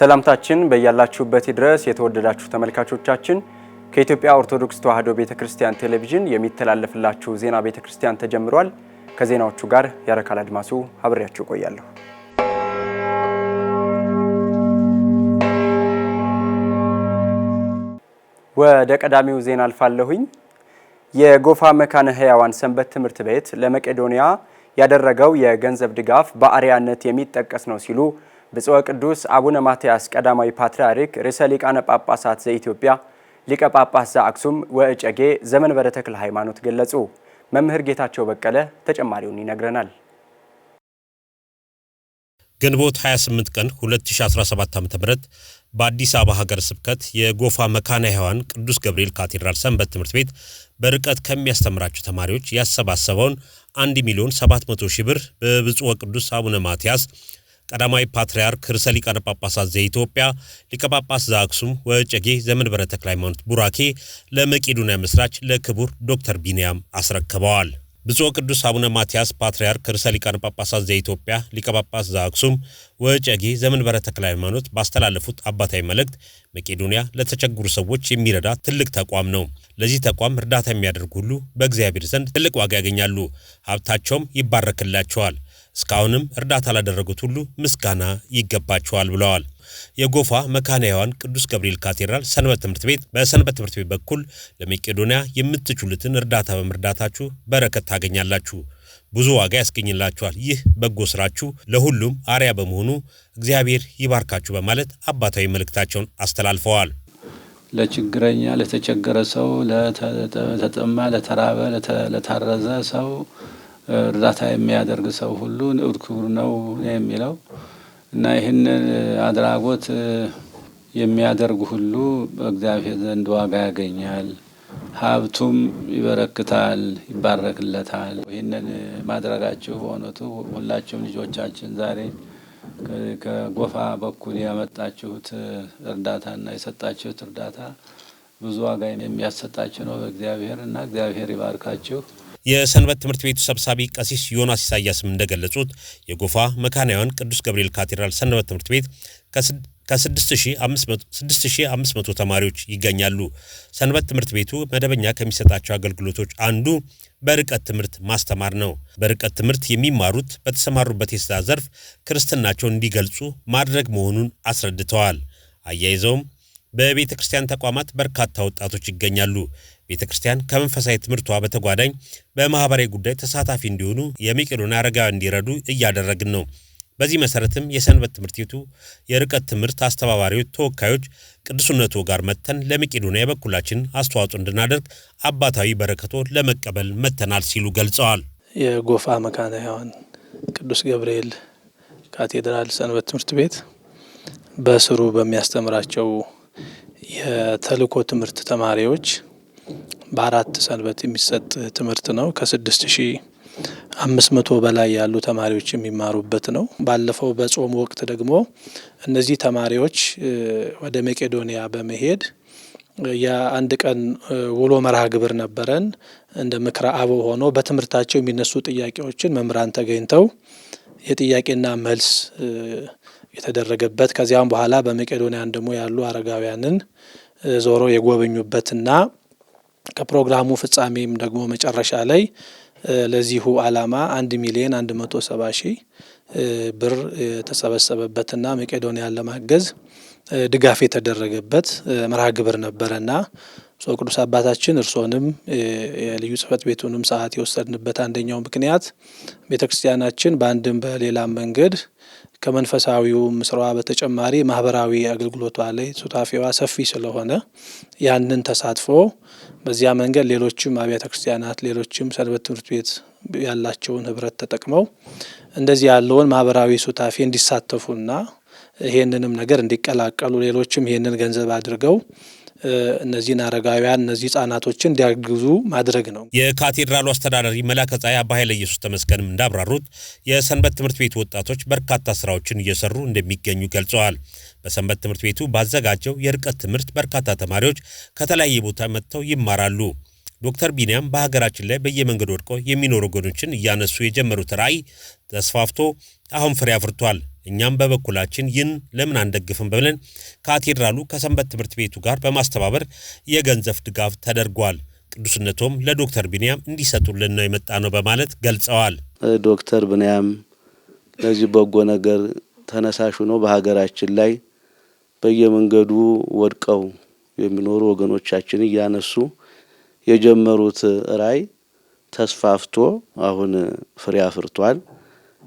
ሰላምታችን በያላችሁበት ድረስ የተወደዳችሁ ተመልካቾቻችን ከኢትዮጵያ ኦርቶዶክስ ተዋሕዶ ቤተ ክርስቲያን ቴሌቪዥን የሚተላለፍላችሁ ዜና ቤተ ክርስቲያን ተጀምሯል። ከዜናዎቹ ጋር ያረካል አድማሱ አብሬያችሁ ቆያለሁ። ወደ ቀዳሚው ዜና አልፋለሁኝ። የጎፋ መካነ ሕያዋን ሰንበት ትምህርት ቤት ለመቄዶንያ ያደረገው የገንዘብ ድጋፍ በአርያነት የሚጠቀስ ነው ሲሉ ብፁዕ ቅዱስ አቡነ ማትያስ ቀዳማዊ ፓትርያርክ ርዕሰ ሊቃነ ጳጳሳት ዘኢትዮጵያ ሊቀ ጳጳስ ዘአክሱም ወእጨጌ ዘመንበረ ተክለ ሃይማኖት ገለጹ። መምህር ጌታቸው በቀለ ተጨማሪውን ይነግረናል። ግንቦት 28 ቀን 2017 ዓ.ም በአዲስ አበባ ሀገረ ስብከት የጎፋ መካነ ሕያዋን ቅዱስ ገብርኤል ካቴድራል ሰንበት ትምህርት ቤት በርቀት ከሚያስተምራቸው ተማሪዎች ያሰባሰበውን 1 ሚሊዮን 700 ሺህ ብር በብፁዕ ወቅዱስ አቡነ ማትያስ ቀዳማዊ ፓትርያርክ ርዕሰ ሊቃነ ጳጳሳት ዘኢትዮጵያ ሊቀ ጳጳስ ዘአክሱም ወጨጌ ዘመንበረ ተክለ ሃይማኖት ቡራኬ ለመቄዶንያ መስራች ለክቡር ዶክተር ቢንያም አስረክበዋል። ብፁዕ ቅዱስ አቡነ ማትያስ ፓትርያርክ ርዕሰ ሊቃነ ጳጳሳት ዘኢትዮጵያ ሊቀ ጳጳስ ዘአክሱም ወጨጌ ዘመንበረ ተክለ ሃይማኖት ባስተላለፉት አባታዊ መልእክት መቄዶንያ ለተቸገሩ ሰዎች የሚረዳ ትልቅ ተቋም ነው። ለዚህ ተቋም እርዳታ የሚያደርጉ ሁሉ በእግዚአብሔር ዘንድ ትልቅ ዋጋ ያገኛሉ፣ ሀብታቸውም ይባረክላቸዋል እስካሁንም እርዳታ ላደረጉት ሁሉ ምስጋና ይገባቸዋል ብለዋል። የጎፋ መካነ ሕያዋን ቅዱስ ገብርኤል ካቴድራል ሰንበት ትምህርት ቤት በሰንበት ትምህርት ቤት በኩል ለመቄዶንያ የምትችሉትን እርዳታ በመርዳታችሁ በረከት ታገኛላችሁ፣ ብዙ ዋጋ ያስገኝላችኋል። ይህ በጎ ስራችሁ ለሁሉም አርያ በመሆኑ እግዚአብሔር ይባርካችሁ በማለት አባታዊ መልእክታቸውን አስተላልፈዋል። ለችግረኛ፣ ለተቸገረ ሰው፣ ለተጠማ፣ ለተራበ፣ ለታረዘ ሰው እርዳታ የሚያደርግ ሰው ሁሉ ንዑድ ክቡር ነው የሚለው እና ይህንን አድራጎት የሚያደርግ ሁሉ በእግዚአብሔር ዘንድ ዋጋ ያገኛል፣ ሀብቱም ይበረክታል፣ ይባረክለታል። ይህንን ማድረጋችሁ በእውነቱ ሁላችሁም ልጆቻችን ዛሬ ከጎፋ በኩል ያመጣችሁት እና የሰጣችሁት እርዳታ ብዙ ዋጋ የሚያሰጣችሁ ነው በእግዚአብሔር እና እግዚአብሔር ይባርካችሁ። የሰንበት ትምህርት ቤቱ ሰብሳቢ ቀሲስ ዮናስ ኢሳያስም እንደገለጹት የጎፋ መካናያን ቅዱስ ገብርኤል ካቴድራል ሰንበት ትምህርት ቤት ከ6500 ተማሪዎች ይገኛሉ። ሰንበት ትምህርት ቤቱ መደበኛ ከሚሰጣቸው አገልግሎቶች አንዱ በርቀት ትምህርት ማስተማር ነው። በርቀት ትምህርት የሚማሩት በተሰማሩበት የስራ ዘርፍ ክርስትናቸውን እንዲገልጹ ማድረግ መሆኑን አስረድተዋል። አያይዘውም በቤተ ክርስቲያን ተቋማት በርካታ ወጣቶች ይገኛሉ። ቤተ ክርስቲያን ከመንፈሳዊ ትምህርቷ በተጓዳኝ በማህበራዊ ጉዳይ ተሳታፊ እንዲሆኑ የሚቅሉን አረጋውያን እንዲረዱ እያደረግን ነው። በዚህ መሰረትም የሰንበት ትምህርት ቤቱ የርቀት ትምህርት አስተባባሪዎች ተወካዮች ቅዱስነቱ ጋር መጥተን ለመቄዶንያ የበኩላችን አስተዋጽኦ እንድናደርግ አባታዊ በረከቶ ለመቀበል መጥተናል ሲሉ ገልጸዋል። የጎፋ መካነ ሕያዋን ቅዱስ ገብርኤል ካቴድራል ሰንበት ትምህርት ቤት በስሩ በሚያስተምራቸው የተልእኮ ትምህርት ተማሪዎች በአራት ሰንበት የሚሰጥ ትምህርት ነው። ከስድስት ሺ አምስት መቶ በላይ ያሉ ተማሪዎች የሚማሩበት ነው። ባለፈው በጾም ወቅት ደግሞ እነዚህ ተማሪዎች ወደ መቄዶንያ በመሄድ የአንድ ቀን ውሎ መርሃ ግብር ነበረን። እንደ ምክረ አበው ሆኖ በትምህርታቸው የሚነሱ ጥያቄዎችን መምህራን ተገኝተው የጥያቄና መልስ የተደረገበት ከዚያም በኋላ በመቄዶንያን ደግሞ ያሉ አረጋውያንን ዞሮ የጎበኙበትና ከፕሮግራሙ ፍጻሜም ደግሞ መጨረሻ ላይ ለዚሁ ዓላማ አንድ ሚሊዮን አንድ መቶ ሰባ ሺህ ብር የተሰበሰበበትና መቄዶንያን ለማገዝ ድጋፍ የተደረገበት መርሃ ግብር ነበረና ሶ ቅዱስ አባታችን እርሶንም የልዩ ጽሕፈት ቤቱንም ሰዓት የወሰድንበት አንደኛው ምክንያት ቤተ ክርስቲያናችን በአንድም በሌላም መንገድ ከመንፈሳዊው ምስሯ በተጨማሪ ማህበራዊ አገልግሎቷ ላይ ሱታፊዋ ሰፊ ስለሆነ ያንን ተሳትፎ በዚያ መንገድ ሌሎችም አብያተ ክርስቲያናት፣ ሌሎችም ሰንበት ትምህርት ቤት ያላቸውን ህብረት ተጠቅመው እንደዚህ ያለውን ማህበራዊ ሱታፌ እንዲሳተፉና ይህንንም ነገር እንዲቀላቀሉ ሌሎችም ይህንን ገንዘብ አድርገው እነዚህን አረጋውያን እነዚህ ህጻናቶችን እንዲያግዙ ማድረግ ነው። የካቴድራሉ አስተዳዳሪ መላከ ፀሐይ አባ ኃይለ ኢየሱስ ተመስገንም እንዳብራሩት የሰንበት ትምህርት ቤቱ ወጣቶች በርካታ ስራዎችን እየሰሩ እንደሚገኙ ገልጸዋል። በሰንበት ትምህርት ቤቱ ባዘጋጀው የርቀት ትምህርት በርካታ ተማሪዎች ከተለያየ ቦታ መጥተው ይማራሉ። ዶክተር ቢንያም በሀገራችን ላይ በየመንገዱ ወድቀው የሚኖሩ ወገኖችን እያነሱ የጀመሩት ራዕይ ተስፋፍቶ አሁን ፍሬ አፍርቷል። እኛም በበኩላችን ይህን ለምን አንደግፍም ብለን ካቴድራሉ ከሰንበት ትምህርት ቤቱ ጋር በማስተባበር የገንዘብ ድጋፍ ተደርጓል። ቅዱስነቶም ለዶክተር ቢንያም እንዲሰጡልን ነው የመጣ ነው በማለት ገልጸዋል። ዶክተር ቢንያም ለዚህ በጎ ነገር ተነሳሽ ሆኖ በሀገራችን ላይ በየመንገዱ ወድቀው የሚኖሩ ወገኖቻችን እያነሱ የጀመሩት ራዕይ ተስፋፍቶ አሁን ፍሬ አፍርቷል።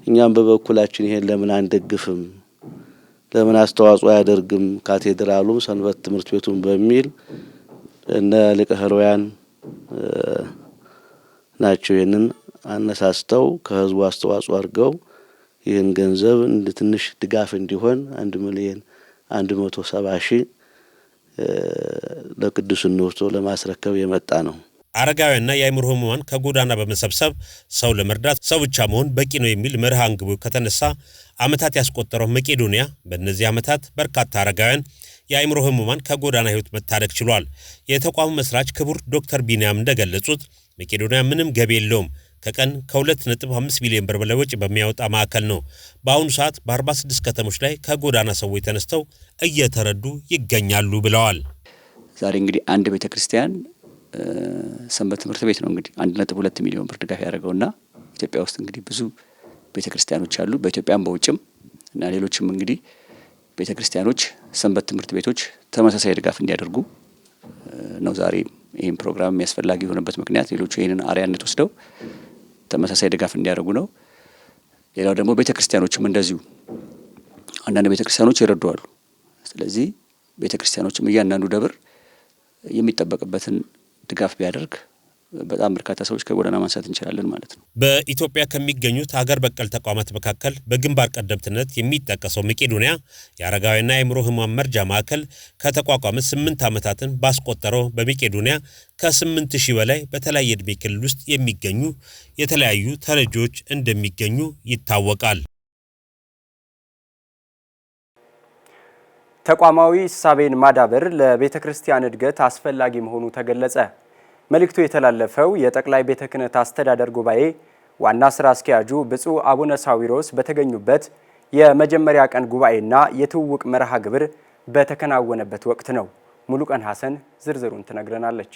እኛም በበኩላችን ይሄን ለምን አንደግፍም፣ ለምን አስተዋጽኦ አያደርግም ካቴድራሉም ሰንበት ትምህርት ቤቱም በሚል እነ ሊቀ ናቸው ይህንን አነሳስተው ከህዝቡ አስተዋጽኦ አድርገው ይህን ገንዘብ እንደ ትንሽ ድጋፍ እንዲሆን አንድ ሚሊየን አንድ መቶ ሰባ ሺህ ለቅዱስ ኖርቶ ለማስረከብ የመጣ ነው። አረጋውያንና የአይምሮ ህሙማን ከጎዳና በመሰብሰብ ሰው ለመርዳት ሰው ብቻ መሆን በቂ ነው የሚል መርህ አንግቦ ከተነሳ ዓመታት ያስቆጠረው መቄዶንያ በእነዚህ ዓመታት በርካታ አረጋውያን የአይምሮ ህሙማን ከጎዳና ህይወት መታደግ ችሏል። የተቋሙ መስራች ክቡር ዶክተር ቢንያም እንደገለጹት መቄዶንያ ምንም ገቢ የለውም። ከቀን ከ2.5 ቢሊዮን ብር በላይ ወጪ በሚያወጣ ማዕከል ነው። በአሁኑ ሰዓት በ46 ከተሞች ላይ ከጎዳና ሰዎች ተነስተው እየተረዱ ይገኛሉ ብለዋል። ዛሬ እንግዲህ አንድ ቤተ ክርስቲያን ሰንበት ትምህርት ቤት ነው እንግዲህ አንድ ነጥብ ሁለት ሚሊዮን ብር ድጋፍ ና ኢትዮጵያ ውስጥ እንግዲህ ብዙ ቤተ ክርስቲያኖች አሉ በኢትዮጵያም በውጭም እና ሌሎችም እንግዲህ ቤተ ክርስቲያኖች፣ ሰንበት ትምህርት ቤቶች ተመሳሳይ ድጋፍ እንዲያደርጉ ነው ዛሬ ይህን ፕሮግራም ያስፈላጊ የሆነበት ምክንያት ሌሎቹ ይህንን አርያነት ወስደው ተመሳሳይ ድጋፍ እንዲያደርጉ ነው። ሌላው ደግሞ ቤተ ክርስቲያኖችም እንደዚሁ አንዳንድ ቤተ ክርስቲያኖች ይረዱዋሉ። ስለዚህ ቤተ ክርስቲያኖችም እያንዳንዱ ደብር የሚጠበቅበትን ድጋፍ ቢያደርግ በጣም በርካታ ሰዎች ከጎዳና ማንሳት እንችላለን ማለት ነው። በኢትዮጵያ ከሚገኙት ሀገር በቀል ተቋማት መካከል በግንባር ቀደምትነት የሚጠቀሰው መቄዶንያ የአረጋዊና የአእምሮ ሕሙማን መርጃ ማዕከል ከተቋቋመ ስምንት ዓመታትን ባስቆጠረው በመቄዶንያ ከስምንት ሺህ በላይ በተለያየ ዕድሜ ክልል ውስጥ የሚገኙ የተለያዩ ተረጂዎች እንደሚገኙ ይታወቃል። ተቋማዊ እሳቤን ማዳበር ለቤተ ክርስቲያን እድገት አስፈላጊ መሆኑ ተገለጸ። መልእክቱ የተላለፈው የጠቅላይ ቤተ ክህነት አስተዳደር ጉባኤ ዋና ስራ አስኪያጁ ብፁዕ አቡነ ሳዊሮስ በተገኙበት የመጀመሪያ ቀን ጉባኤና የትውውቅ መርሃ ግብር በተከናወነበት ወቅት ነው። ሙሉቀን ሐሰን ዝርዝሩን ትነግረናለች።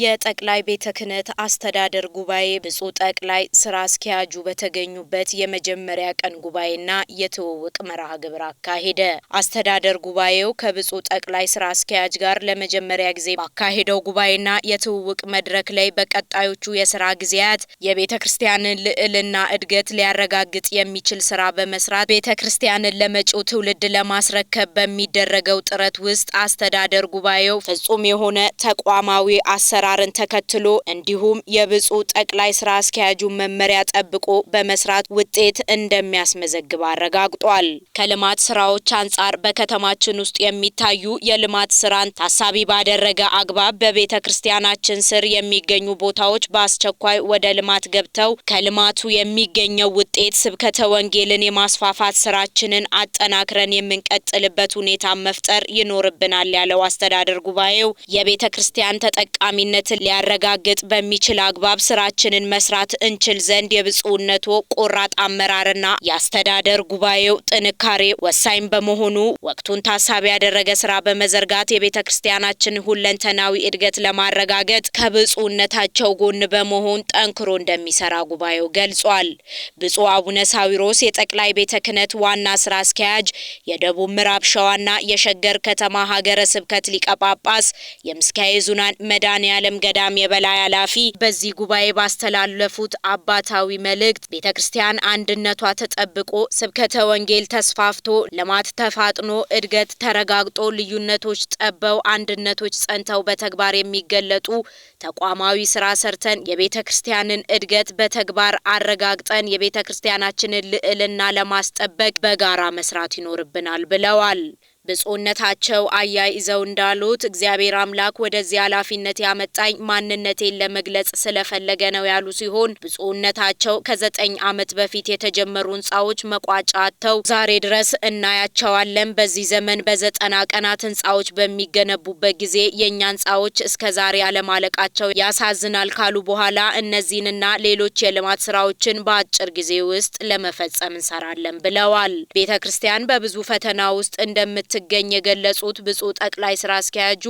የጠቅላይ ቤተ ክህነት አስተዳደር ጉባኤ ብፁዕ ጠቅላይ ስራ አስኪያጁ በተገኙበት የመጀመሪያ ቀን ጉባኤና የትውውቅ መርሃ ግብር አካሄደ። አስተዳደር ጉባኤው ከብፁዕ ጠቅላይ ስራ አስኪያጅ ጋር ለመጀመሪያ ጊዜ ባካሄደው ጉባኤና የትውውቅ መድረክ ላይ በቀጣዮቹ የስራ ጊዜያት የቤተ ክርስቲያንን ልዕልና እድገት ሊያረጋግጥ የሚችል ስራ በመስራት ቤተ ክርስቲያንን ለመጪው ትውልድ ለማስረከብ በሚደረገው ጥረት ውስጥ አስተዳደር ጉባኤው ፍጹም የሆነ ተቋማዊ አሰ አሰራርን ተከትሎ እንዲሁም የብፁዕ ጠቅላይ ስራ አስኪያጁ መመሪያ ጠብቆ በመስራት ውጤት እንደሚያስመዘግብ አረጋግጧል። ከልማት ስራዎች አንጻር በከተማችን ውስጥ የሚታዩ የልማት ስራን ታሳቢ ባደረገ አግባብ በቤተ ክርስቲያናችን ስር የሚገኙ ቦታዎች በአስቸኳይ ወደ ልማት ገብተው ከልማቱ የሚገኘው ውጤት ስብከተ ወንጌልን የማስፋፋት ስራችንን አጠናክረን የምንቀጥልበት ሁኔታ መፍጠር ይኖርብናል ያለው አስተዳደር ጉባኤው የቤተ ክርስቲያን ተጠቃሚ ተጠቃሚነትን ሊያረጋግጥ በሚችል አግባብ ስራችንን መስራት እንችል ዘንድ የብፁዕነቶ ቆራጥ አመራርና የአስተዳደር ጉባኤው ጥንካሬ ወሳኝ በመሆኑ ወቅቱን ታሳቢ ያደረገ ስራ በመዘርጋት የቤተ ክርስቲያናችን ሁለንተናዊ እድገት ለማረጋገጥ ከብፁዕነታቸው ጎን በመሆን ጠንክሮ እንደሚሰራ ጉባኤው ገልጿል። ብፁዕ አቡነ ሳዊሮስ የጠቅላይ ቤተ ክህነት ዋና ስራ አስኪያጅ፣ የደቡብ ምዕራብ ሸዋና የሸገር ከተማ ሀገረ ስብከት ሊቀ ጳጳስ፣ የምስካየ ኅዙናን መድኃኔ ዓለም ገዳም የበላይ ኃላፊ በዚህ ጉባኤ ባስተላለፉት አባታዊ መልእክት ቤተ ክርስቲያን አንድነቷ ተጠብቆ ስብከተ ወንጌል ተስፋፍቶ ልማት ተፋጥኖ እድገት ተረጋግጦ ልዩነቶች ጠበው አንድነቶች ጸንተው በተግባር የሚገለጡ ተቋማዊ ስራ ሰርተን የቤተ ክርስቲያንን እድገት በተግባር አረጋግጠን የቤተ ክርስቲያናችንን ልዕልና ለማስጠበቅ በጋራ መስራት ይኖርብናል ብለዋል። ብፁዕነታቸው አያይዘው እንዳሉት እግዚአብሔር አምላክ ወደዚህ ኃላፊነት ያመጣኝ ማንነቴን ለመግለጽ ስለፈለገ ነው ያሉ ሲሆን ብፁዕነታቸው ከዘጠኝ ዓመት በፊት የተጀመሩ ህንፃዎች መቋጫ አጥተው ዛሬ ድረስ እናያቸዋለን። በዚህ ዘመን በዘጠና ቀናት ህንፃዎች በሚገነቡበት ጊዜ የእኛ ህንፃዎች እስከ ዛሬ አለማለቃቸው ያሳዝናል ካሉ በኋላ እነዚህንና ሌሎች የልማት ስራዎችን በአጭር ጊዜ ውስጥ ለመፈጸም እንሰራለን ብለዋል። ቤተ ክርስቲያን በብዙ ፈተና ውስጥ እንደምት እንደምትገኝ የገለጹት ብፁዕ ጠቅላይ ስራ አስኪያጁ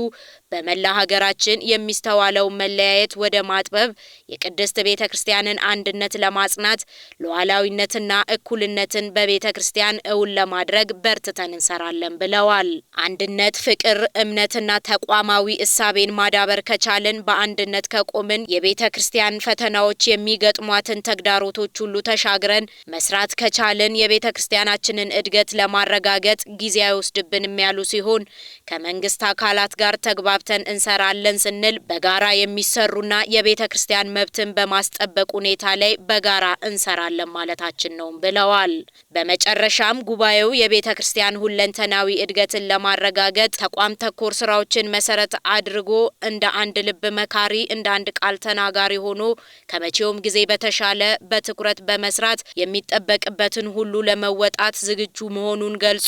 በመላ ሀገራችን የሚስተዋለውን መለያየት ወደ ማጥበብ የቅድስት ቤተ ክርስቲያንን አንድነት ለማጽናት ሉዓላዊነትና እኩልነትን በቤተ ክርስቲያን እውን ለማድረግ በርትተን እንሰራለን ብለዋል። አንድነት፣ ፍቅር፣ እምነትና ተቋማዊ እሳቤን ማዳበር ከቻልን በአንድነት ከቆምን የቤተ ክርስቲያን ፈተናዎች የሚገጥሟትን ተግዳሮቶች ሁሉ ተሻግረን መስራት ከቻልን የቤተ ክርስቲያናችንን እድገት ለማረጋገጥ ጊዜ አይወስድብን የለብንም ያሉ ሲሆን ከመንግስት አካላት ጋር ተግባብተን እንሰራለን ስንል በጋራ የሚሰሩና የቤተ ክርስቲያን መብትን በማስጠበቅ ሁኔታ ላይ በጋራ እንሰራለን ማለታችን ነው ብለዋል። በመጨረሻም ጉባኤው የቤተ ክርስቲያን ሁለንተናዊ እድገትን ለማረጋገጥ ተቋም ተኮር ስራዎችን መሰረት አድርጎ እንደ አንድ ልብ መካሪ እንደ አንድ ቃል ተናጋሪ ሆኖ ከመቼውም ጊዜ በተሻለ በትኩረት በመስራት የሚጠበቅበትን ሁሉ ለመወጣት ዝግጁ መሆኑን ገልጾ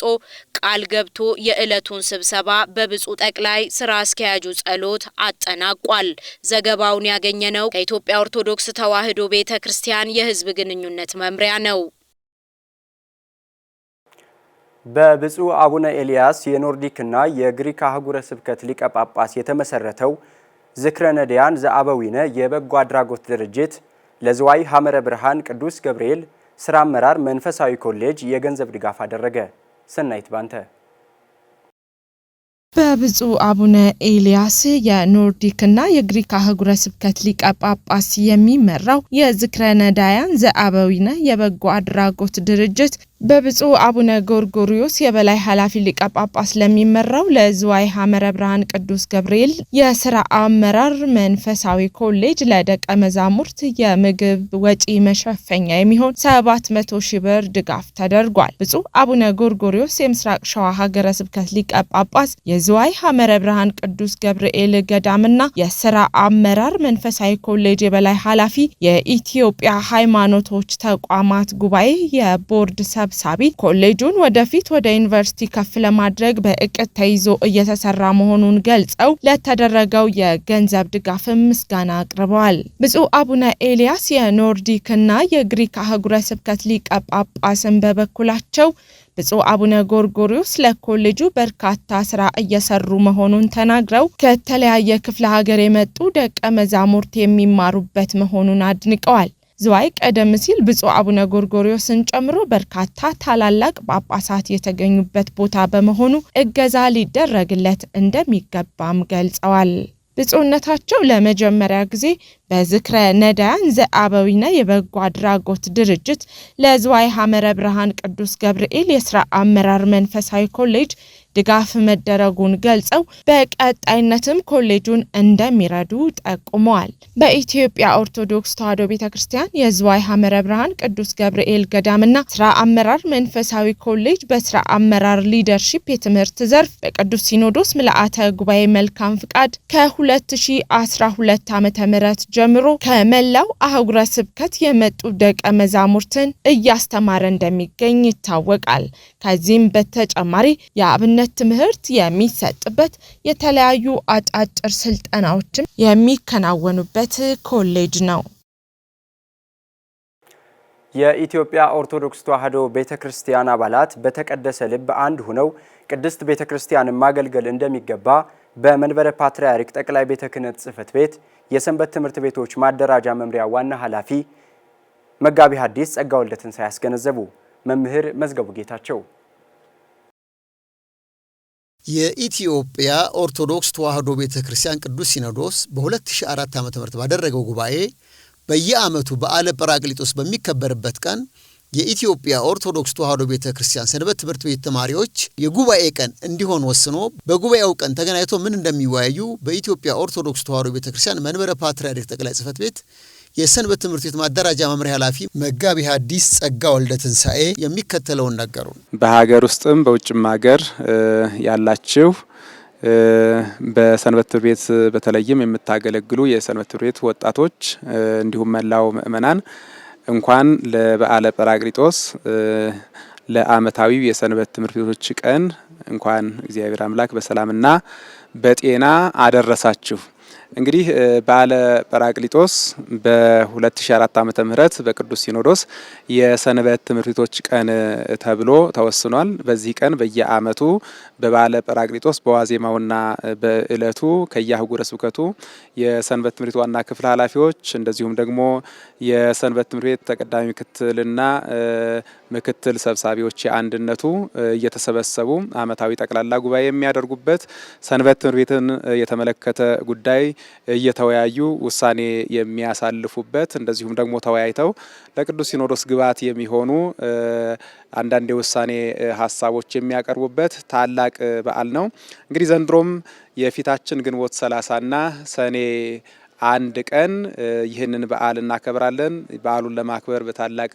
ቃል ገብቶ የዕለቱን ስብሰባ በብፁዕ ጠቅላይ ስራ አስኪያጁ ጸሎት አጠናቋል። ዘገባውን ያገኘነው ከኢትዮጵያ ኦርቶዶክስ ተዋሕዶ ቤተ ክርስቲያን የሕዝብ ግንኙነት መምሪያ ነው። በብፁዕ አቡነ ኤልያስ የኖርዲክና የግሪክ አህጉረ ስብከት ሊቀ ጳጳስ የተመሰረተው ዝክረ ነዳያን ዘአበዊነ የበጎ አድራጎት ድርጅት ለዝዋይ ሐመረ ብርሃን ቅዱስ ገብርኤል ስራ አመራር መንፈሳዊ ኮሌጅ የገንዘብ ድጋፍ አደረገ። ሰናይት ባንተ በብፁዕ አቡነ ኤልያስ የኖርዲክና የግሪክ አህጉረ ስብከት ሊቀ ጳጳስ የሚመራው የዝክረ ነዳያን ዘአበዊነ የበጎ አድራጎት ድርጅት በብፁዕ አቡነ ጎርጎሪዮስ የበላይ ኃላፊ ሊቀ ጳጳስ ለሚመራው ለዝዋይ ሐመረ ብርሃን ቅዱስ ገብርኤል የስራ አመራር መንፈሳዊ ኮሌጅ ለደቀ መዛሙርት የምግብ ወጪ መሸፈኛ የሚሆን 700 ሺህ ብር ድጋፍ ተደርጓል። ብፁዕ አቡነ ጎርጎሪዮስ የምስራቅ ሸዋ ሀገረ ስብከት ሊቀ ጳጳስ የዝዋይ ሐመረ ብርሃን ቅዱስ ገብርኤል ገዳምና የስራ አመራር መንፈሳዊ ኮሌጅ የበላይ ኃላፊ የኢትዮጵያ ሃይማኖቶች ተቋማት ጉባኤ የቦርድ ሰብ ሰብሳቢ ሳቢ ኮሌጁን ወደፊት ወደ ዩኒቨርሲቲ ከፍ ለማድረግ በእቅድ ተይዞ እየተሰራ መሆኑን ገልጸው ለተደረገው የገንዘብ ድጋፍም ምስጋና አቅርበዋል። ብፁዕ አቡነ ኤልያስ የኖርዲክና የግሪክ አህጉረ ስብከት ሊቀ ጳጳስን በበኩላቸው ብፁዕ አቡነ ጎርጎሪዎስ ለኮሌጁ በርካታ ስራ እየሰሩ መሆኑን ተናግረው ከተለያየ ክፍለ ሀገር የመጡ ደቀ መዛሙርት የሚማሩበት መሆኑን አድንቀዋል። ዝዋይ ቀደም ሲል ብፁዕ አቡነ ጎርጎሪዮስን ጨምሮ በርካታ ታላላቅ ጳጳሳት የተገኙበት ቦታ በመሆኑ እገዛ ሊደረግለት እንደሚገባም ገልጸዋል። ብፁዕነታቸው ለመጀመሪያ ጊዜ በዝክረ ነዳያን ዘአበዊነ የበጎ አድራጎት ድርጅት ለዝዋይ ሐመረ ብርሃን ቅዱስ ገብርኤል የሥራ አመራር መንፈሳዊ ኮሌጅ ድጋፍ መደረጉን ገልጸው በቀጣይነትም ኮሌጁን እንደሚረዱ ጠቁመዋል። በኢትዮጵያ ኦርቶዶክስ ተዋሕዶ ቤተ ክርስቲያን የዝዋይ ሐመረ ብርሃን ቅዱስ ገብርኤል ገዳምና ስራ አመራር መንፈሳዊ ኮሌጅ በስራ አመራር ሊደርሺፕ የትምህርት ዘርፍ በቅዱስ ሲኖዶስ ምልአተ ጉባኤ መልካም ፍቃድ ከ2012 ዓ ም ጀምሮ ከመላው አህጉረ ስብከት የመጡ ደቀ መዛሙርትን እያስተማረ እንደሚገኝ ይታወቃል። ከዚህም በተጨማሪ የአብነ የእምነት ትምህርት የሚሰጥበት የተለያዩ አጫጭር ስልጠናዎችም የሚከናወኑበት ኮሌጅ ነው። የኢትዮጵያ ኦርቶዶክስ ተዋሕዶ ቤተ ክርስቲያን አባላት በተቀደሰ ልብ አንድ ሁነው ቅድስት ቤተ ክርስቲያንን ማገልገል እንደሚገባ በመንበረ ፓትርያርክ ጠቅላይ ቤተ ክህነት ጽሕፈት ቤት የሰንበት ትምህርት ቤቶች ማደራጃ መምሪያ ዋና ኃላፊ መጋቢ ሐዲስ ጸጋ ወልደትን ሳያስገነዘቡ መምህር መዝገቡ ጌታቸው የኢትዮጵያ ኦርቶዶክስ ተዋህዶ ቤተ ክርስቲያን ቅዱስ ሲኖዶስ በ2004 ዓ ም ባደረገው ጉባኤ በየዓመቱ በዓለ ጰራቅሊጦስ በሚከበርበት ቀን የኢትዮጵያ ኦርቶዶክስ ተዋህዶ ቤተ ክርስቲያን ሰንበት ትምህርት ቤት ተማሪዎች የጉባኤ ቀን እንዲሆን ወስኖ በጉባኤው ቀን ተገናኝቶ ምን እንደሚወያዩ በኢትዮጵያ ኦርቶዶክስ ተዋሕዶ ቤተ ክርስቲያን መንበረ ፓትርያርክ ጠቅላይ ጽፈት ቤት የሰንበት ትምህርት ቤት ማደራጃ መምሪያ ኃላፊ መጋቢ ሐዲስ ጸጋ ወልደ ትንሣኤ የሚከተለውን ነገሩ። በሀገር ውስጥም በውጭም ሀገር ያላችሁ በሰንበት ትምህርት ቤት በተለይም የምታገለግሉ የሰንበት ትምህርት ቤት ወጣቶች እንዲሁም መላው ምእመናን እንኳን ለበዓለ ጰራቅሊጦስ ለዓመታዊው የሰንበት ትምህርት ቤቶች ቀን እንኳን እግዚአብሔር አምላክ በሰላምና በጤና አደረሳችሁ። እንግዲህ በዓለ ጰራቅሊጦስ በ2004 ዓመተ ምህረት በቅዱስ ሲኖዶስ የሰንበት ትምህርት ቤቶች ቀን ተብሎ ተወስኗል። በዚህ ቀን በየአመቱ በበዓለ ጰራቅሊጦስ በዋዜማውና በእለቱ ከየአህጉረ ስብከቱ የሰንበት ትምህርት ዋና ክፍል ኃላፊዎች እንደዚሁም ደግሞ የሰንበት ትምህርት ቤት ተቀዳሚ ምክትልና ምክትል ሰብሳቢዎች የአንድነቱ እየተሰበሰቡ አመታዊ ጠቅላላ ጉባኤ የሚያደርጉበት ሰንበት ትምህርት ቤትን የተመለከተ ጉዳይ እየተወያዩ ውሳኔ የሚያሳልፉበት እንደዚሁም ደግሞ ተወያይተው ለቅዱስ ሲኖዶስ ግብዓት የሚሆኑ አንዳንድ የውሳኔ ሀሳቦች የሚያቀርቡበት ታላቅ በዓል ነው። እንግዲህ ዘንድሮም የፊታችን ግንቦት ሰላሳና ሰኔ አንድ ቀን ይህንን በዓል እናከብራለን። በዓሉን ለማክበር በታላቅ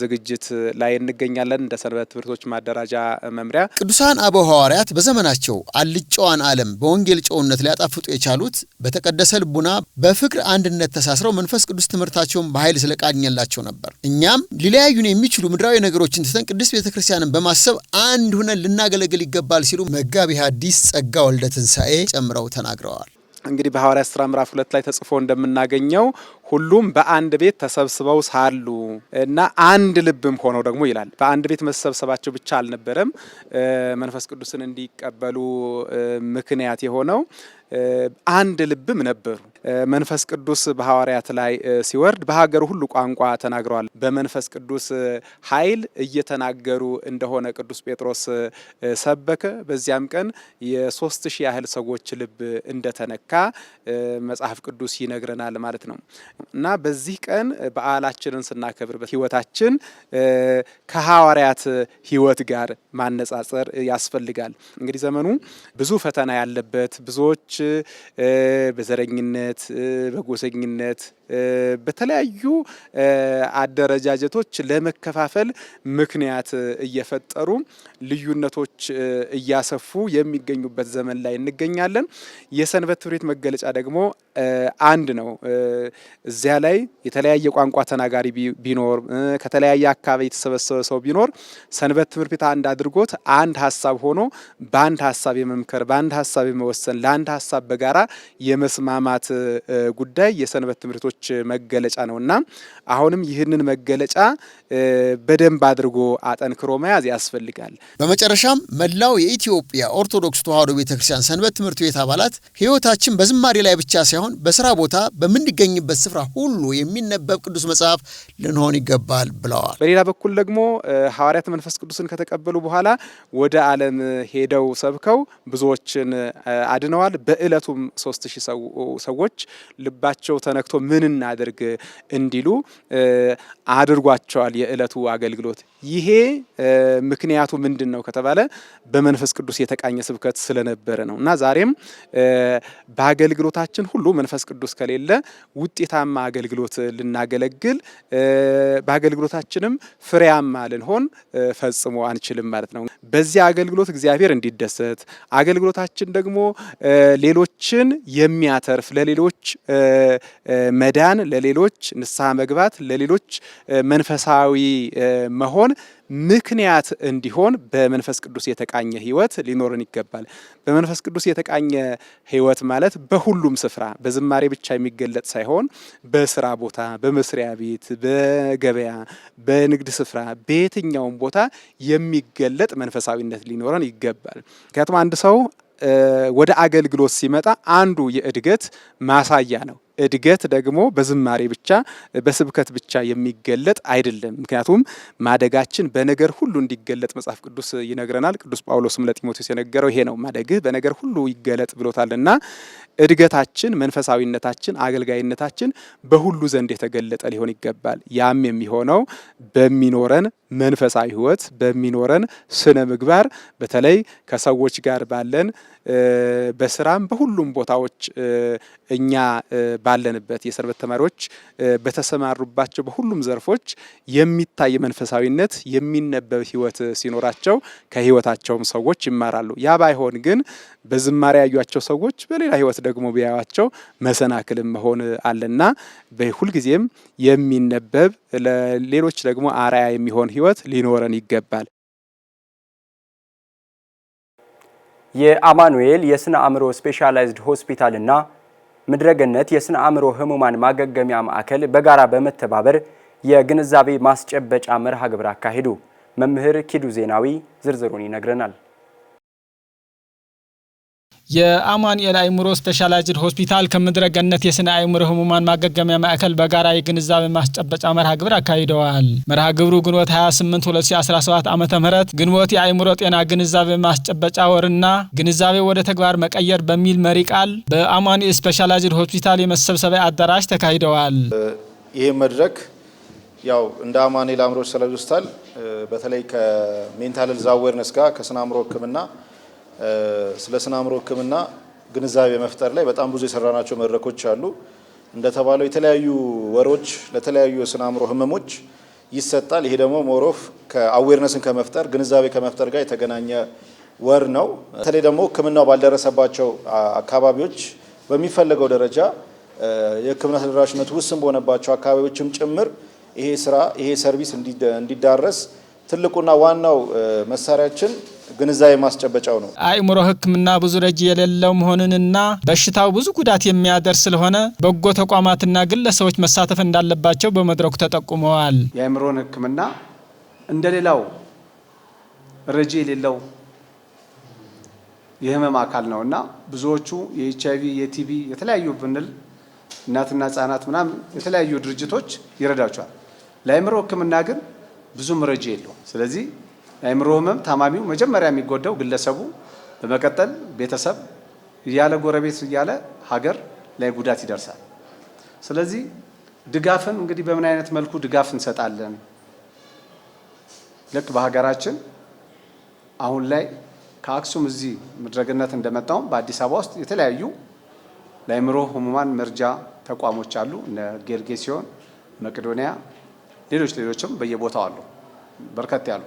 ዝግጅት ላይ እንገኛለን እንደ ሰንበት ትምህርቶች ማደራጃ መምሪያ። ቅዱሳን አበው ሐዋርያት በዘመናቸው አልጫዋን ዓለም በወንጌል ጨውነት ሊያጣፍጡ የቻሉት በተቀደሰ ልቡና በፍቅር አንድነት ተሳስረው መንፈስ ቅዱስ ትምህርታቸውን በኃይል ስለቃኘላቸው ነበር። እኛም ሊለያዩን የሚችሉ ምድራዊ ነገሮችን ትተን ቅድስት ቤተ ክርስቲያንን በማሰብ አንድ ሁነን ልናገለግል ይገባል ሲሉ መጋቢ ሐዲስ ጸጋ ወልደ ትንሣኤ ጨምረው ተናግረዋል። እንግዲህ በሐዋርያት ስራ ምዕራፍ ሁለት ላይ ተጽፎ እንደምናገኘው ሁሉም በአንድ ቤት ተሰብስበው ሳሉ እና አንድ ልብም ሆነው ደግሞ ይላል። በአንድ ቤት መሰብሰባቸው ብቻ አልነበረም መንፈስ ቅዱስን እንዲቀበሉ ምክንያት የሆነው አንድ ልብም ነበሩ። መንፈስ ቅዱስ በሐዋርያት ላይ ሲወርድ በሀገር ሁሉ ቋንቋ ተናግረዋል። በመንፈስ ቅዱስ ኃይል እየተናገሩ እንደሆነ ቅዱስ ጴጥሮስ ሰበከ። በዚያም ቀን የሶስት ሺህ ያህል ሰዎች ልብ እንደተነካ መጽሐፍ ቅዱስ ይነግረናል ማለት ነው እና በዚህ ቀን በዓላችንን ስናከብር ህይወታችን ከሐዋርያት ህይወት ጋር ማነጻጸር ያስፈልጋል። እንግዲህ ዘመኑ ብዙ ፈተና ያለበት ብዙዎች በዘረኝነት በዘረኝነት፣ በጎሰኝነት በተለያዩ አደረጃጀቶች ለመከፋፈል ምክንያት እየፈጠሩ ልዩነቶች እያሰፉ የሚገኙበት ዘመን ላይ እንገኛለን። የሰንበት ትምህርት ቤት መገለጫ ደግሞ አንድ ነው። እዚያ ላይ የተለያየ ቋንቋ ተናጋሪ ቢኖር ከተለያየ አካባቢ የተሰበሰበ ሰው ቢኖር ሰንበት ትምህርት ቤት አንድ አድርጎት አንድ ሀሳብ ሆኖ በአንድ ሀሳብ የመምከር በአንድ ሀሳብ የመወሰን ለአንድ ሀሳብ በጋራ የመስማማት ጉዳይ የሰንበት ትምህርቶች መገለጫ ነው እና አሁንም ይህንን መገለጫ በደንብ አድርጎ አጠንክሮ መያዝ ያስፈልጋል። በመጨረሻም መላው የኢትዮጵያ ኦርቶዶክስ ተዋሕዶ ቤተክርስቲያን ሰንበት ትምህርት ቤት አባላት ሕይወታችን በዝማሬ ላይ ብቻ ሳይሆን ሳይሆን በስራ ቦታ በምንገኝበት ስፍራ ሁሉ የሚነበብ ቅዱስ መጽሐፍ ልንሆን ይገባል ብለዋል። በሌላ በኩል ደግሞ ሐዋርያት መንፈስ ቅዱስን ከተቀበሉ በኋላ ወደ ዓለም ሄደው ሰብከው ብዙዎችን አድነዋል። በዕለቱም ሶስት ሺህ ሰዎች ልባቸው ተነክቶ ምን እናድርግ እንዲሉ አድርጓቸዋል። የዕለቱ አገልግሎት ይሄ ምክንያቱ ምንድን ነው ከተባለ በመንፈስ ቅዱስ የተቃኘ ስብከት ስለነበረ ነው እና ዛሬም በአገልግሎታችን ሁሉ መንፈስ ቅዱስ ከሌለ ውጤታማ አገልግሎት ልናገለግል በአገልግሎታችንም ፍሬያማ ልንሆን ፈጽሞ አንችልም ማለት ነው። በዚህ አገልግሎት እግዚአብሔር እንዲደሰት አገልግሎታችን ደግሞ ሌሎችን የሚያተርፍ ለሌሎች መዳን፣ ለሌሎች ንስሐ መግባት፣ ለሌሎች መንፈሳዊ መሆን ሳይሆን ምክንያት እንዲሆን በመንፈስ ቅዱስ የተቃኘ ህይወት ሊኖርን ይገባል። በመንፈስ ቅዱስ የተቃኘ ህይወት ማለት በሁሉም ስፍራ በዝማሬ ብቻ የሚገለጥ ሳይሆን በስራ ቦታ፣ በመስሪያ ቤት፣ በገበያ፣ በንግድ ስፍራ፣ በየትኛውም ቦታ የሚገለጥ መንፈሳዊነት ሊኖረን ይገባል። ምክንያቱም አንድ ሰው ወደ አገልግሎት ሲመጣ አንዱ የእድገት ማሳያ ነው። እድገት ደግሞ በዝማሬ ብቻ በስብከት ብቻ የሚገለጥ አይደለም። ምክንያቱም ማደጋችን በነገር ሁሉ እንዲገለጥ መጽሐፍ ቅዱስ ይነግረናል። ቅዱስ ጳውሎስም ለጢሞቴዎስ የነገረው ይሄ ነው፣ ማደግህ በነገር ሁሉ ይገለጥ ብሎታልና እድገታችን፣ መንፈሳዊነታችን፣ አገልጋይነታችን በሁሉ ዘንድ የተገለጠ ሊሆን ይገባል። ያም የሚሆነው በሚኖረን መንፈሳዊ ህይወት በሚኖረን ስነ ምግባር፣ በተለይ ከሰዎች ጋር ባለን በስራም በሁሉም ቦታዎች እኛ ባለንበት የሰንበት ተማሪዎች በተሰማሩባቸው በሁሉም ዘርፎች የሚታይ መንፈሳዊነት የሚነበብ ህይወት ሲኖራቸው ከህይወታቸውም ሰዎች ይማራሉ። ያ ባይሆን ግን በዝማሬ ያዩቸው ሰዎች በሌላ ህይወት ደግሞ ቢያዩቸው መሰናክልም መሆን አለና በሁልጊዜም የሚነበብ ለሌሎች ደግሞ አርአያ የሚሆን ህይወት ሊኖረን ይገባል። የአማኑኤል የስነ አእምሮ ስፔሻላይዝድ ሆስፒታልና ምድረገነት የስነ አእምሮ ህሙማን ማገገሚያ ማዕከል በጋራ በመተባበር የግንዛቤ ማስጨበጫ መርሃ ግብር አካሄዱ። መምህር ኪዱ ዜናዊ ዝርዝሩን ይነግረናል። የአማኑኤል አእምሮ ስፔሻላይዝድ ሆስፒታል ከምድረ ገነት የስነ አይምሮ ህሙማን ማገገሚያ ማዕከል በጋራ የግንዛቤ ማስጨበጫ መርሃ ግብር አካሂደዋል። መርሃ ግብሩ ግንቦት 28 2017 ዓ ም ግንቦት የአይምሮ ጤና ግንዛቤ ማስጨበጫ ወርና ግንዛቤ ወደ ተግባር መቀየር በሚል መሪ ቃል በአማኑኤል ስፔሻላይዝድ ሆስፒታል የመሰብሰቢያ አዳራሽ ተካሂደዋል። ይህ መድረክ ያው እንደ አማኑኤል አእምሮ ስፔሻላይዝድ ሆስፒታል በተለይ ከሜንታል ሄልዝ ጋር ከስነ አእምሮ ህክምና ስለ ስነ አእምሮ ሕክምና ግንዛቤ መፍጠር ላይ በጣም ብዙ የሰራናቸው መድረኮች አሉ። እንደተባለው የተለያዩ ወሮች ለተለያዩ የስነ አእምሮ ህመሞች ይሰጣል። ይሄ ደግሞ ሞሮፍ ከአዌርነስን ከመፍጠር ግንዛቤ ከመፍጠር ጋር የተገናኘ ወር ነው። በተለይ ደግሞ ህክምናው ባልደረሰባቸው አካባቢዎች በሚፈለገው ደረጃ የህክምና ተደራሽነት ውስን በሆነባቸው አካባቢዎችም ጭምር ይሄ ስራ ይሄ ሰርቪስ እንዲዳረስ ትልቁና ዋናው መሳሪያችን ግንዛቤ ማስጨበጫው ነው። አእምሮ ሕክምና ብዙ ረጅ የሌለው መሆንንና በሽታው ብዙ ጉዳት የሚያደርስ ስለሆነ በጎ ተቋማትና ግለሰቦች መሳተፍ እንዳለባቸው በመድረኩ ተጠቁመዋል። የአእምሮን ሕክምና እንደሌላው ረጂ የሌለው የህመም አካል ነው እና ብዙዎቹ የኤች አይቪ የቲቪ የተለያዩ ብንል እናትና ህጻናት ምናምን የተለያዩ ድርጅቶች ይረዳቸዋል። ለአእምሮ ህክምና ግን ብዙም ረጂ የለውም። ስለዚህ የአእምሮ ህመም ታማሚው መጀመሪያ የሚጎዳው ግለሰቡ፣ በመቀጠል ቤተሰብ እያለ ጎረቤት እያለ ሀገር ላይ ጉዳት ይደርሳል። ስለዚህ ድጋፍን እንግዲህ በምን አይነት መልኩ ድጋፍ እንሰጣለን? ልክ በሀገራችን አሁን ላይ ከአክሱም እዚህ ምድረግነት እንደመጣውም በአዲስ አበባ ውስጥ የተለያዩ ለአእምሮ ህሙማን መርጃ ተቋሞች አሉ። እነ ጌርጌ ሲሆን መቄዶንያ፣ ሌሎች ሌሎችም በየቦታው አሉ በርከት ያሉ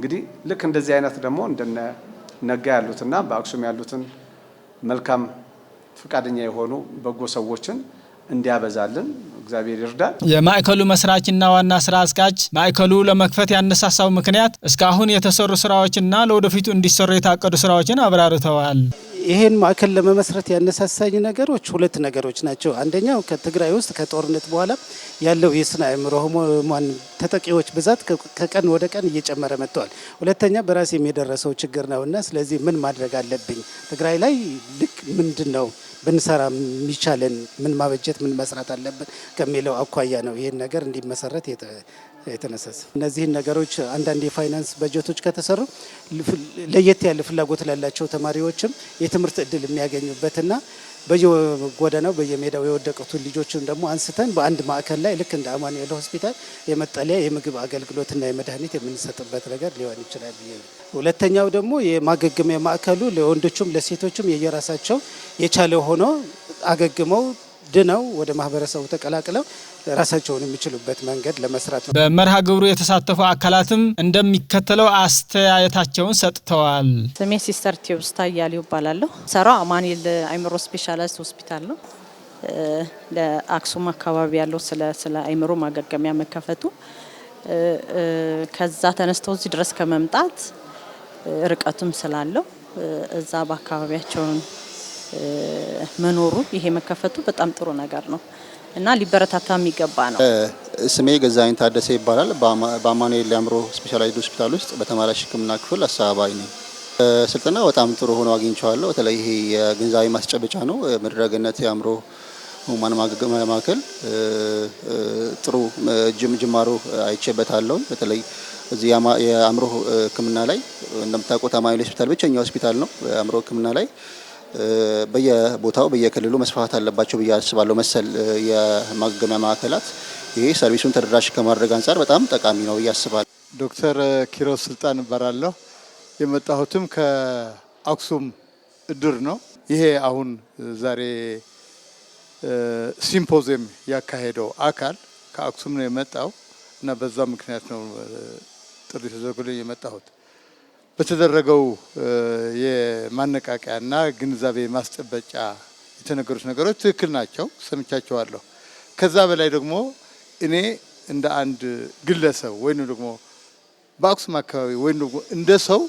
እንግዲህ ልክ እንደዚህ አይነት ደግሞ እንደነ ነጋ ያሉትና በአክሱም ያሉትን መልካም ፈቃደኛ የሆኑ በጎ ሰዎችን እንዲያበዛልን እግዚአብሔር ይርዳል። የማዕከሉ መስራችና ዋና ስራ አስኪያጅ ማዕከሉ ለመክፈት ያነሳሳው ምክንያት እስካሁን የተሰሩ ስራዎችና ለወደፊቱ እንዲሰሩ የታቀዱ ስራዎችን አብራርተዋል። ይሄን ማዕከል ለመመስረት ያነሳሳኝ ነገሮች ሁለት ነገሮች ናቸው። አንደኛው ከትግራይ ውስጥ ከጦርነት በኋላ ያለው የስነ አእምሮ ህሙማን ተጠቂዎች ብዛት ከቀን ወደ ቀን እየጨመረ መጥተዋል። ሁለተኛ በራሴም የደረሰው ችግር ነው እና ስለዚህ ምን ማድረግ አለብኝ ትግራይ ላይ ልክ ምንድን ነው ብንሰራ የሚቻለን ምን ማበጀት ምን መስራት አለብን ከሚለው አኳያ ነው ይህን ነገር እንዲመሰረት የተነሳሰ እነዚህን ነገሮች አንዳንድ የፋይናንስ በጀቶች ከተሰሩ ለየት ያለ ፍላጎት ላላቸው ተማሪዎችም የትምህርት እድል የሚያገኙበትና በየጎዳናው በየሜዳው የወደቁትን ልጆችን ደግሞ አንስተን በአንድ ማዕከል ላይ ልክ እንደ አማኑኤል ሆስፒታል የመጠለያ የምግብ አገልግሎትና የመድኃኒት የምንሰጥበት ነገር ሊሆን ይችላል። ሁለተኛው ደግሞ የማገገሚያ ማዕከሉ ለወንዶቹም ለሴቶችም የየራሳቸው የቻለ ሆኖ አገግመው ድነው ወደ ማህበረሰቡ ተቀላቅለው ራሳቸውን የሚችሉበት መንገድ ለመስራት ነው። በመርሃ ግብሩ የተሳተፉ አካላትም እንደሚከተለው አስተያየታቸውን ሰጥተዋል። ስሜ ሲስተር ቴዎብስታ እያሌው ይባላለሁ። ሰራው አማኒል አይምሮ ስፔሻላይዝድ ሆስፒታል ነው። ለአክሱም አካባቢ ያለው ስለ አይምሮ ማገገሚያ መከፈቱ ከዛ ተነስተው እዚህ ድረስ ከመምጣት ርቀቱም ስላለው እዛ በአካባቢያቸውን መኖሩ ይሄ መከፈቱ በጣም ጥሩ ነገር ነው እና ሊበረታታ የሚገባ ነው። ስሜ ገዛኝ ታደሰ ይባላል። በአማኑኤል አእምሮ ስፔሻላይዝድ ሆስፒታል ውስጥ በተመላሽ ሕክምና ክፍል አስተባባሪ ነኝ። ስልጠና በጣም ጥሩ ሆኖ አግኝቸዋለሁ። በተለይ ይሄ የግንዛቤ ማስጨበጫ ነው። መድረግነት የአእምሮ ህሙማን ማገገሚያ ማዕከል ጥሩ ጅምጅማሮ አይቼበታለሁ። በተለይ እዚህ የአእምሮ ሕክምና ላይ እንደምታውቁት አማኑኤል ሆስፒታል ብቸኛ ሆስፒታል ነው አእምሮ ሕክምና ላይ በየቦታው በየክልሉ መስፋፋት አለባቸው ብዬ አስባለሁ። መሰል የማገሚያ ማዕከላት ይሄ ሰርቪሱን ተደራሽ ከማድረግ አንጻር በጣም ጠቃሚ ነው ብዬ አስባለሁ። ዶክተር ኪሮስ ስልጣን እባላለሁ። የመጣሁትም ከአክሱም እድር ነው። ይሄ አሁን ዛሬ ሲምፖዚየም ያካሄደው አካል ከአክሱም ነው የመጣው እና በዛ ምክንያት ነው ጥሪ ተዘርግልኝ የመጣሁት። በተደረገው የማነቃቂያና ግንዛቤ ማስጨበጫ የተነገሩት ነገሮች ትክክል ናቸው፣ ሰምቻቸዋለሁ። ከዛ በላይ ደግሞ እኔ እንደ አንድ ግለሰብ ወይም ደግሞ በአክሱም አካባቢ ወይም ደግሞ እንደ ሰው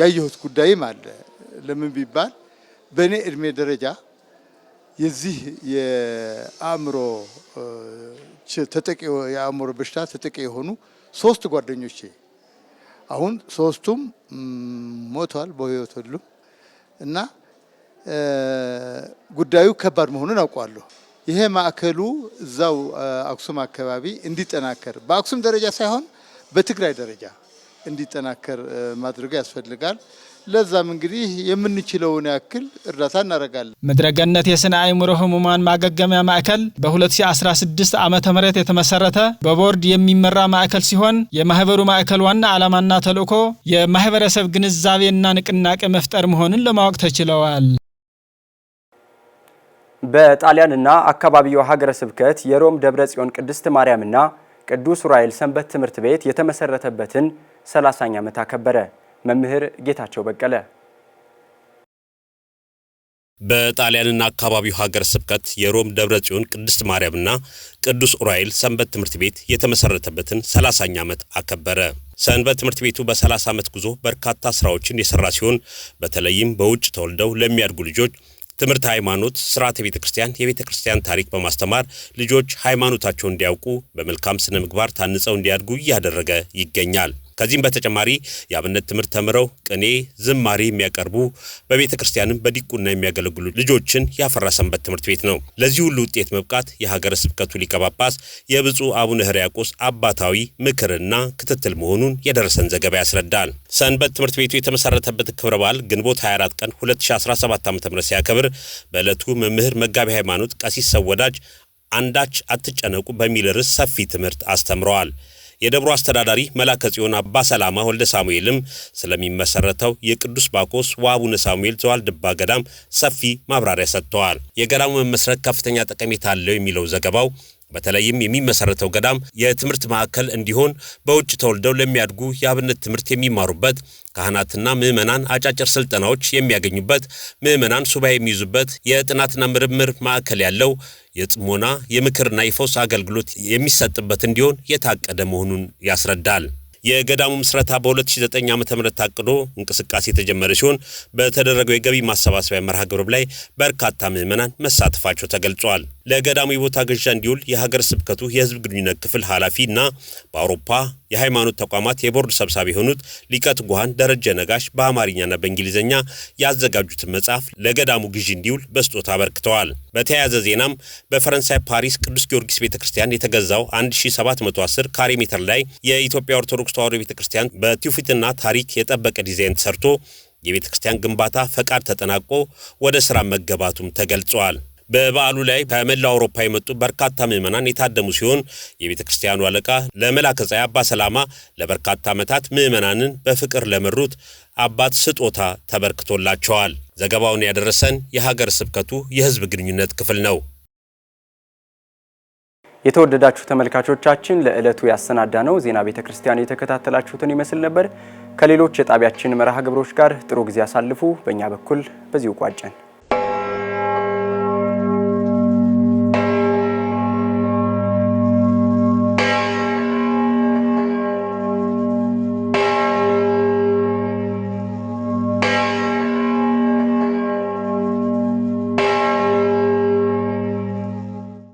ያየሁት ጉዳይም አለ። ለምን ቢባል በእኔ እድሜ ደረጃ የዚህ የአእምሮ ተጠቂ የአእምሮ በሽታ ተጠቂ የሆኑ ሶስት ጓደኞቼ አሁን ሶስቱም ሞቷል በህይወት እና ጉዳዩ ከባድ መሆኑን አውቋለሁ። ይሄ ማዕከሉ እዛው አክሱም አካባቢ እንዲጠናከር በአክሱም ደረጃ ሳይሆን በትግራይ ደረጃ እንዲጠናከር ማድረግ ያስፈልጋል። ለዛም እንግዲህ የምንችለውን ያክል እርዳታ እናደርጋለን። መድረገነት የስነ አይምሮ ህሙማን ማገገሚያ ማዕከል በ2016 ዓ ም የተመሰረተ በቦርድ የሚመራ ማዕከል ሲሆን የማህበሩ ማዕከል ዋና ዓላማና ተልእኮ የማህበረሰብ ግንዛቤና ንቅናቄ መፍጠር መሆኑን ለማወቅ ተችለዋል። በጣሊያንና አካባቢው ሀገረ ስብከት የሮም ደብረ ጽዮን ቅድስት ማርያምና ቅዱስ ዑራኤል ሰንበት ትምህርት ቤት የተመሰረተበትን 30ኛ ዓመት አከበረ። መምህር ጌታቸው በቀለ በጣሊያንና አካባቢው ሀገር ስብከት የሮም ደብረ ጽዮን ቅድስት ማርያምና ቅዱስ ዑራኤል ሰንበት ትምህርት ቤት የተመሰረተበትን 30ኛ ዓመት አከበረ። ሰንበት ትምህርት ቤቱ በ30 ዓመት ጉዞ በርካታ ስራዎችን የሰራ ሲሆን በተለይም በውጭ ተወልደው ለሚያድጉ ልጆች ትምህርት ሃይማኖት፣ ስርዓተ ቤተ ክርስቲያን፣ የቤተ ክርስቲያን ታሪክ በማስተማር ልጆች ሃይማኖታቸውን እንዲያውቁ በመልካም ስነ ምግባር ታንጸው እንዲያድጉ እያደረገ ይገኛል። ከዚህም በተጨማሪ የአብነት ትምህርት ተምረው ቅኔ፣ ዝማሬ የሚያቀርቡ በቤተ ክርስቲያንም በዲቁና የሚያገለግሉ ልጆችን ያፈራ ሰንበት ትምህርት ቤት ነው። ለዚህ ሁሉ ውጤት መብቃት የሀገረ ስብከቱ ሊቀጳጳስ ጳጳስ የብፁዕ አቡነ ሕርያቆስ አባታዊ ምክርና ክትትል መሆኑን የደረሰን ዘገባ ያስረዳል። ሰንበት ትምህርት ቤቱ የተመሰረተበት ክብረ በዓል ግንቦት 24 ቀን 2017 ዓ.ም ሲያከብር በዕለቱ መምህር መጋቢ ሃይማኖት ቀሲስ ሰወዳጅ አንዳች አትጨነቁ በሚል ርዕስ ሰፊ ትምህርት አስተምረዋል። የደብሮ አስተዳዳሪ መላከ ጽዮን አባ ሰላማ ወልደ ሳሙኤልም ስለሚመሰረተው የቅዱስ ባኮስ ወአቡነ ሳሙኤል ዘዋልድባ ገዳም ሰፊ ማብራሪያ ሰጥተዋል። የገዳሙ መመስረት ከፍተኛ ጠቀሜታ አለው የሚለው ዘገባው በተለይም የሚመሰረተው ገዳም የትምህርት ማዕከል እንዲሆን በውጭ ተወልደው ለሚያድጉ የአብነት ትምህርት የሚማሩበት ካህናትና ምዕመናን አጫጭር ስልጠናዎች የሚያገኙበት ምዕመናን ሱባኤ የሚይዙበት የጥናትና ምርምር ማዕከል ያለው የጽሞና የምክርና የፈውስ አገልግሎት የሚሰጥበት እንዲሆን የታቀደ መሆኑን ያስረዳል። የገዳሙ ምስረታ በ2009 ዓ ም ታቅዶ እንቅስቃሴ የተጀመረ ሲሆን በተደረገው የገቢ ማሰባሰቢያ መርሃ ግብር ላይ በርካታ ምዕመናን መሳተፋቸው ተገልጿል። ለገዳሙ የቦታ ግዣ እንዲውል የሀገር ስብከቱ የህዝብ ግንኙነት ክፍል ኃላፊ እና በአውሮፓ የሃይማኖት ተቋማት የቦርድ ሰብሳቢ የሆኑት ሊቀት ጉሃን ደረጀ ነጋሽ በአማርኛና በእንግሊዝኛ ያዘጋጁትን መጽሐፍ ለገዳሙ ግዢ እንዲውል በስጦታ አበርክተዋል። በተያያዘ ዜናም በፈረንሳይ ፓሪስ ቅዱስ ጊዮርጊስ ቤተ ክርስቲያን የተገዛው 1710 ካሬ ሜትር ላይ የኢትዮጵያ ኦርቶዶክስ ተዋሕዶ ቤተ ክርስቲያን በትውፊትና ታሪክ የጠበቀ ዲዛይን ተሰርቶ የቤተ ክርስቲያን ግንባታ ፈቃድ ተጠናቆ ወደ ሥራ መገባቱም ተገልጿል። በበዓሉ ላይ ከመላው አውሮፓ የመጡ በርካታ ምዕመናን የታደሙ ሲሆን የቤተ ክርስቲያኑ አለቃ ለመላከ ፀሐይ አባ ሰላማ ለበርካታ ዓመታት ምዕመናንን በፍቅር ለመሩት አባት ስጦታ ተበርክቶላቸዋል። ዘገባውን ያደረሰን የሀገር ስብከቱ የሕዝብ ግንኙነት ክፍል ነው። የተወደዳችሁ ተመልካቾቻችን ለዕለቱ ያሰናዳ ነው ዜና ቤተ ክርስቲያን የተከታተላችሁትን ይመስል ነበር። ከሌሎች የጣቢያችን መርሃ ግብሮች ጋር ጥሩ ጊዜ አሳልፉ። በእኛ በኩል በዚሁ ቋጨን።